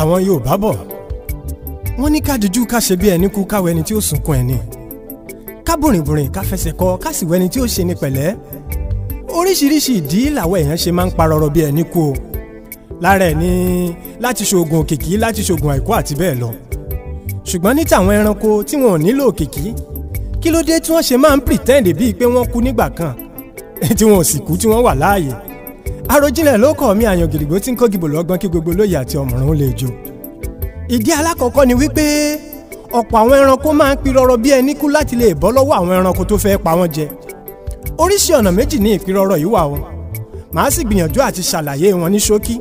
àwọn Yorùbá bọ̀ wọ́n ní ká dijú ká ṣe bí ẹni kú káwọ ẹni tí ó sunkún ẹni ká bùrìnbùrìn ká fẹsẹ̀ kọ ká sì wọ ẹni tí ó ṣe ní pẹ̀lẹ́ oríṣiríṣi ìdí làwọn èèyàn ṣe máa ń parọ́rọ́ bí ẹni kú o lára ẹ̀ ní láti ṣoògùn òkìkí láti ṣoògùn àìkú àti bẹ́ẹ̀ lọ ṣùgbọ́n ní tàwọn ẹranko tí wọn ò nílò òkìkí kí ló dé tí wọ́n ṣe máa ń pretend bíi pé wọ́n kú nígbà kan tí wọn ò sì kú tí wọ́n wà láàyè Àròjinlẹ̀ ló kọ̀ mí àyàn gidigbo tí ń kó gìbò lọ́gbọ́n kí gbogbo lóye àti ọ̀mọ̀ràn lè jò. Ìdí alákọ̀ọ́kọ́ ni wípé ọ̀pọ̀ àwọn ẹranko máa ń pirọrọ bí ẹni kú láti lè bọ́ lọ́wọ́ àwọn ẹranko tó fẹ́ pa wọ́n jẹ. Oríṣi ọ̀nà méjì ní ìpirọrọ yìí wà o. Màá sì gbìyànjú àti ṣàlàyé wọn ní ṣókí.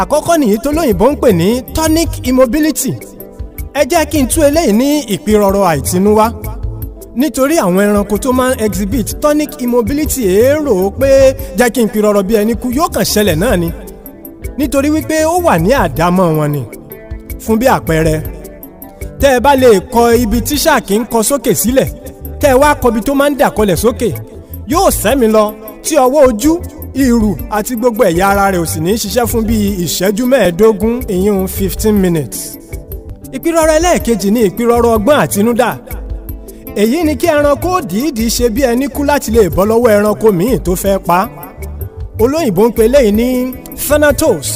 Àkọ́kọ́ nìyí tó lóyìnbó ń pè ní tonic immobility. Ẹ jẹ́ kí n tú eléyìí ní ìpirọrọ àìtinúwá nítorí àwọn ẹranko tó máa ń exhibit tonic immobility èrò pé jẹ́ kí n pi rọrọ bí ẹni kú yóò kàn ṣẹlẹ̀ náà ni nítorí wípé ó wà ní àdámọ́ wọn ni fún bí àpẹẹrẹ tẹ́ ẹ bá lè kọ ibi tí ṣáàkì ń kọ sókè sílẹ̀ tẹ́ ẹ wá kọbi tó máa ń dàkọlẹ̀ sókè yóò sẹ́mi lọ tí ọwọ́ ojú ìrù àti gbogbo ẹ̀yà ara rẹ̀ ò sì ní ṣiṣẹ́ fún bíi ìṣẹ́jú mẹ́ẹ̀ẹ́dógún ìyún fifteen minutes ìpirọ̀rọ̀ ẹlẹ́ẹ̀kejì ni ìpirọ̀rọ̀ ọgbọ́n àtinúdá èyí ni kí ẹranko dìídì ṣe bí ẹni kú láti lè bọ́ lọ́wọ́ ẹranko míì tó fẹ́ pa olóyìnbó ń pè léyìí ní thanatos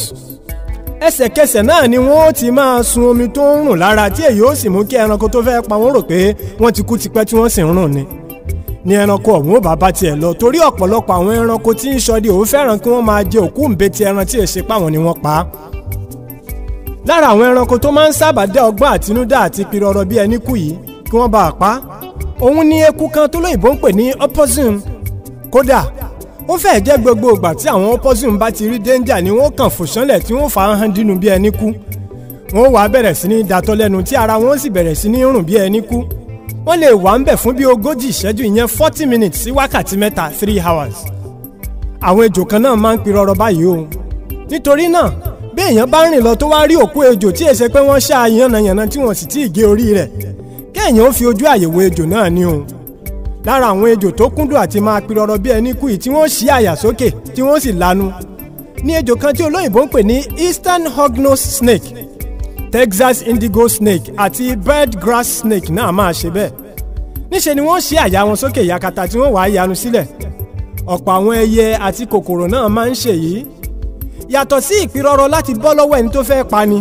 ẹsẹ̀kẹsẹ̀ náà ni wọ́n ti máa sun omi tó ń rùn lára tí èyí ó sì mú kí ẹranko tó fẹ́ pa wọ́n rò pé wọ́n ti kú tipẹ́ tí wọ́n sì ń rùn ni ni ẹranko ọ̀hún ò bá bá tiẹ̀ lọ torí ọ̀pọ̀lọpọ̀ àwọn ẹranko tí ń ṣọdẹ òun fẹ́ràn kí wọ́n máa jẹ òkú ńbẹ́tì ẹran tí èsì pàwọn ni wọ́n pa lára àwọn ẹranko tó máa ń sábà dá ọgbọ́n àtinúdá àti pirọrọ bí ẹni kú yìí kí wọ́n bá a pa òun ni eku kan tó lóyìnbó ń pè ní opossum kódà ó fẹ́ẹ̀ jẹ́ gbogbo ìgbà tí àwọn opossum bá ti rí danger ni wọ́n kàn fò sánlẹ̀ tí wọ́n fà á hàn dínú bí ẹni kú wọ́n wàá bẹ̀rẹ̀ sí ní dàtọ́ lẹ́nu tí ara wọn sì bẹ̀rẹ̀ sí ní rùn bí ẹni kú wọ́n lè wà ń bẹ̀ fún bí ogójì ìṣẹ́jú ìyẹn forty minutes sí wákàtí mẹ́ta three hours àwọn ejò kan náà máa ń pirọrọ báyìí o nítorí náà bí èèyàn bá rìn lọ tó wá rí òkú ejò tí èsè pé wọ́n ṣá yànnàyànnà tí wọ́n sì tí ì gé orí rẹ̀ kéèyàn ó fi ojú àyèwò ejò náà ní òun lára àwọn ejò tó kúndùn àti máa pirọrọ bí ẹni kú yìí tí wọ́n ṣí àyà sókè tí wọ́n sì lanu ní ejò kan tí olóyìnbó ń pè ní eastern hognose snake texas indigo snake àti Bird grass snake náà máa ṣe bẹ́ẹ̀ níṣe ni wọ́n ṣí àyà wọn sókè yakata tí wọ́n wàá yanu sílẹ̀ ọ̀pọ̀ àwọn ẹyẹ àti kòkòrò náà máa ń ṣèyí yàtọ̀ sí ìpirọrọ láti bọ́ lọ́wọ́ ẹni tó fẹ́ pani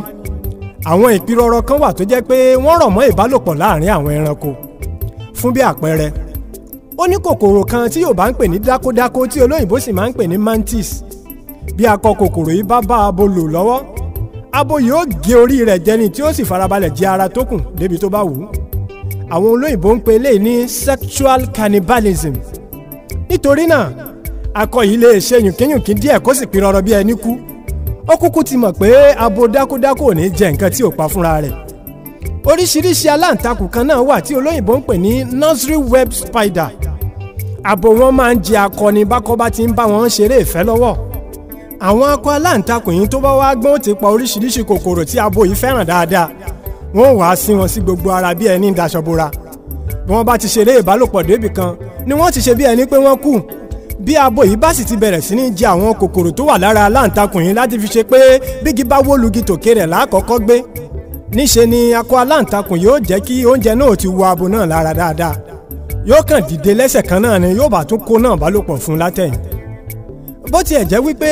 àwọn ìpirọ̀rọ̀ kan wà tó jẹ́ pé wọ́n rọ̀ mọ́ ìbálòpọ̀ láàrin àwọn ẹranko fún bí àpẹẹrẹ ó ní kòkòrò kan tí Yorùbá ń pè ní dákódákó tí olóyìnbó sì máa ń pè ní mantis bí akọ kòkòrò yìí bá bá abo lò lọ́wọ́ abo yìí ó gé orí rẹ̀ jẹni tí ó sì farabalẹ̀ jẹ ara tó kù débi tó bá wù ú àwọn olóyìnbó ń pè eléyìí ní sexual cannibalism nítorí náà akọ yìí lè ṣe yùnkíyùnkí díẹ̀ kó sì pirọ̀rọ̀ bí ẹni kú ó kúkú ti mọ̀ pé abo dákúdákú ò ní jẹ nǹkan tí ò pa fúnra rẹ̀ oríṣiríṣi aláǹtakùn kan náà wà tí olóyìnbó ń pè ní nursery web spider abo wọn máa ń jẹ akọni bákọ́bá ti ń bá wọn ṣeré ìfẹ́ lọ́wọ́ àwọn akọ aláǹtakùn yìí tó bá wá gbọ́n ti pa oríṣiríṣi kòkòrò tí abo yìí fẹ́ràn dáadáa wọ́n wàá sí wọn sí gbogbo ara bí ẹni daṣọ bora bí wọ́n bá ti ṣeré ìbálòpọ̀ débì kan ni wọ́n ti ṣe bí ẹni pé wọ́n kú bí abo yìí bá sì ti bẹ̀rẹ̀ sí ní jẹ àwọn kòkòrò tó wà lára aláǹtakùn yìí láti fi ṣe pé bígi bá wó lugi tòkè rẹ̀ lákọ̀ọ́kọ́ gbé níṣe ni akọ aláǹtakùn yóò jẹ́ kí oúnjẹ náà ti wọ abo náà lára dáadáa yóò kàn dìde lẹ́sẹ̀ kan náà ni yóò bá tún kó náà bálòpọ̀ fún látẹ̀yìn bó tiẹ̀ jẹ́ wípé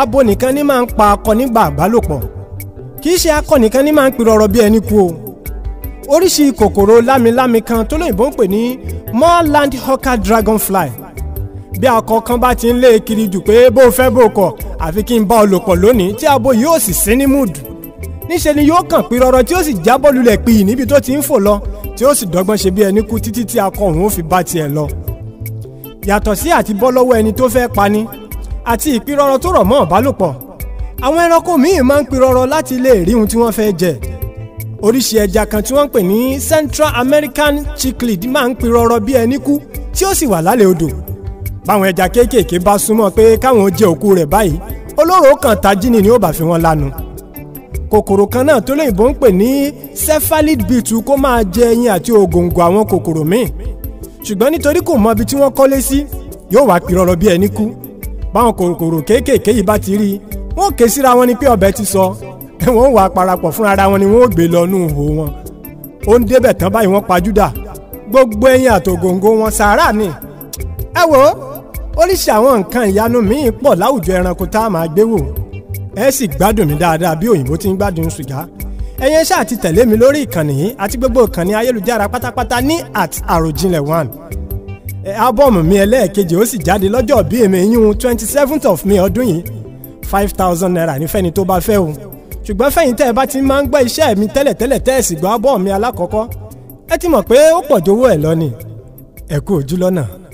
abo nìkan ni máa ń pa akọ nígbà àbálòpọ̀ kì í ṣe akọ nìkan ni máa ń pirọ̀rọ̀ bí ẹni kú o oríṣi kòkòrò lámilámi kan tó lóyìnbó ń pè ní moorland hawker dragonfly bí akọ̀kan bá ti ń lé kiri jù pé bó fẹ́ bó kọ̀ àfi kí n bá ọ lò pọ̀ lónìí tí abo yóò sì sí ní múùdù níṣe ni yóò kàn pín rọrọ tí ó sì jábọ́ lulẹ̀ pìyì níbi tó ti ń fò lọ tí ó sì dọ́gbọ́n ṣe bí ẹni kú títí tí akọ òun ó fi bá tiẹ̀ lọ. yàtọ̀ sí àti bọ́ lọ́wọ́ ẹni tó fẹ́ pani àti ìpirọrọ tó rọ̀ mọ́ ọ̀bálòpọ̀ àwọn ẹranko míì máa ń pirọrọ láti lè rí ohun tí wọ́n fẹ́ jẹ oríṣi ẹja kan tí wọ́n pè ní Central American cichlid máa ń pirọrọ bí ẹni kú tí ó sì wà lálẹ́ odò báwọn ẹja kéékèèké bá súnmọ́ pé káwọn jẹ òkú rẹ̀ báyìí olóró kan tajínì ni ó bá fi wọn lanu kòkòrò kan náà tó lóyìnbó ń pè ní cephalid beetle kó máa jẹ ẹyin àti ògòǹgò àwọn kòkòrò míì ṣùgbọ́n nítorí kò mọ ibi tí wọ́n kọ́lé sí yóò wá pirọrọ bí ẹni kú báwọn kòkòrò kéékèèké yìí bá ti rí i wọ́n ké síra wọn ni pé ọbẹ̀ ti sọ wọ́n wà parapọ̀ fúnra ara wọn ni wọ́n ò gbé lọ nù hó wọn ó ń débẹ̀ tán báyìí wọ́n pa júdà gbogbo ẹyin àtògòǹgò wọn sàárà ni ẹ wò ó oríṣi àwọn nǹkan ìyanu míì pọ̀ láwùjọ ẹranko tá a máa gbé wò ẹ sì gbádùn mi dáadáa bí òyìnbó ti ń gbádùn ṣùgá ẹ̀yin ṣáà ti tẹ̀lé mi lórí ìkànnì yìí àti gbogbo ìkànnì ayélujára pátápátá ní at àròjinlẹ̀ one ábọ̀mù mi ẹlẹ́ẹ̀kejì ó sì jáde lọ́jọ́ bí èmi yún twenty seventh of may ọdún yìí five thousand naira ní fẹ́ni tó bá fẹ́ o ṣùgbọ́n fẹ́yìn tẹ́ ẹ bá ti máa ń gbọ́ iṣẹ́ mi tẹ́lẹ̀tẹ́lẹ̀ tẹ́ ẹ sì gbọ́ ábọ̀mù mi alákọ̀ọ́kọ́ ẹ ti mọ̀ pé ó pọ̀ jówó ẹ̀ lọ ni ẹ lọ́nà.